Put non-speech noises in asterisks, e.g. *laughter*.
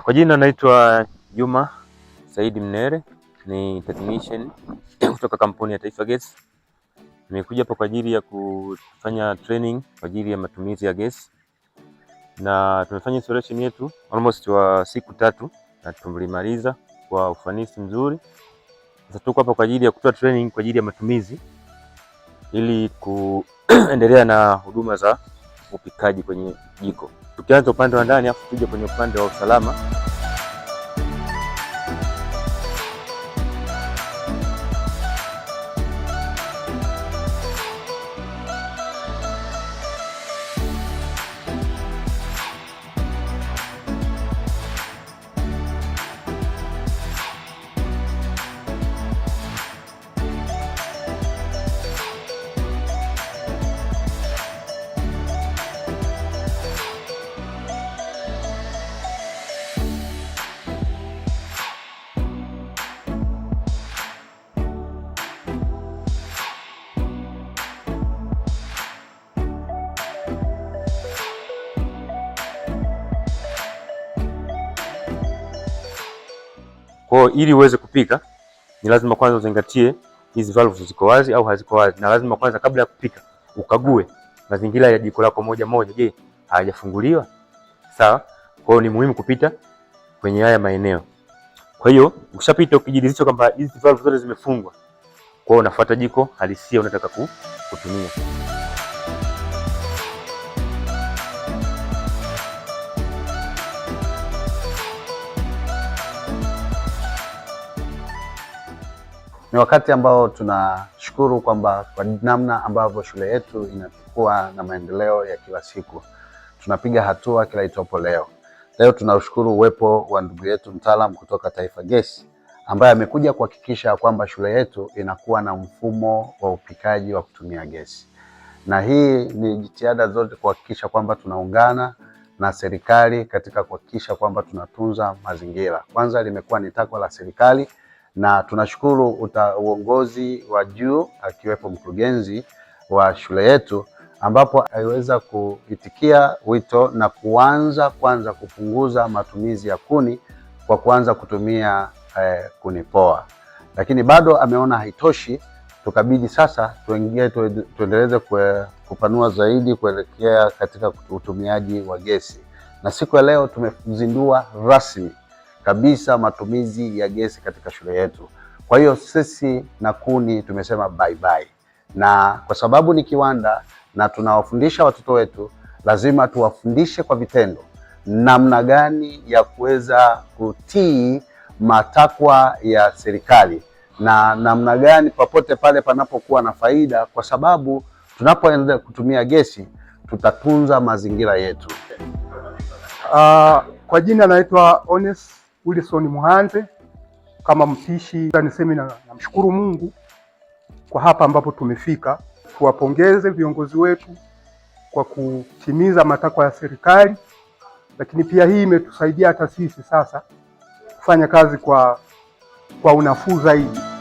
Kwa jina naitwa Juma Saidi Mnere, ni technician *clears throat* kutoka kampuni ya Taifa Gas. Nimekuja hapa kwa ajili ya kufanya training kwa ajili ya matumizi ya gesi, na tumefanya installation yetu almost wa siku tatu na tumlimaliza kwa ufanisi mzuri. Sasa tuko hapa kwa ajili ya kutoa training kwa ajili ya matumizi ili kuendelea *clears throat* na huduma za upikaji kwenye jiko tukianza upande wa ndani afu tuje kwenye upande wa usalama. Kwa hiyo ili uweze kupika ni lazima kwanza uzingatie hizi valves ziko wazi au haziko wazi, na lazima kwanza kabla ya kupika ukague mazingira ya jiko lako moja moja, je, hayajafunguliwa? Sawa. Kwa hiyo ni muhimu kupita kwenye haya maeneo. Kwa hiyo ukishapita ukijiridhisha kwamba hizi valve zote zimefungwa, kwa hiyo unafuata jiko halisia unataka kutumia. Ni wakati ambao tunashukuru kwamba kwa namna ambavyo shule yetu inakuwa na maendeleo ya kila siku, tunapiga hatua kila itopo. Leo leo tunashukuru uwepo wa ndugu yetu mtaalam kutoka Taifa Gesi ambaye amekuja kuhakikisha kwamba shule yetu inakuwa na mfumo wa upikaji wa kutumia gesi, na hii ni jitihada zote kuhakikisha kwamba tunaungana na serikali katika kuhakikisha kwamba tunatunza mazingira. Kwanza limekuwa ni takwa la serikali na tunashukuru uta, uongozi wa juu akiwepo mkurugenzi wa shule yetu ambapo aliweza kuitikia wito na kuanza kwanza kupunguza matumizi ya kuni kwa kuanza kutumia eh, kuni poa, lakini bado ameona haitoshi. Tukabidi sasa tuingie tuendeleze kupanua zaidi kuelekea katika utumiaji wa gesi, na siku ya leo tumezindua rasmi kabisa matumizi ya gesi katika shule yetu. Kwa hiyo sisi na kuni tumesema bye bye, na kwa sababu ni kiwanda na tunawafundisha watoto wetu, lazima tuwafundishe kwa vitendo namna gani ya kuweza kutii matakwa ya serikali na namna gani popote pale panapokuwa na faida, kwa sababu tunapoendelea kutumia gesi tutatunza mazingira yetu. Uh, kwa jina naitwa Ones Wilson Muhanze kama mpishi, niseme namshukuru Mungu kwa hapa ambapo tumefika. Tuwapongeze viongozi wetu kwa kutimiza matakwa ya serikali, lakini pia hii imetusaidia hata sisi sasa kufanya kazi kwa, kwa unafuu zaidi.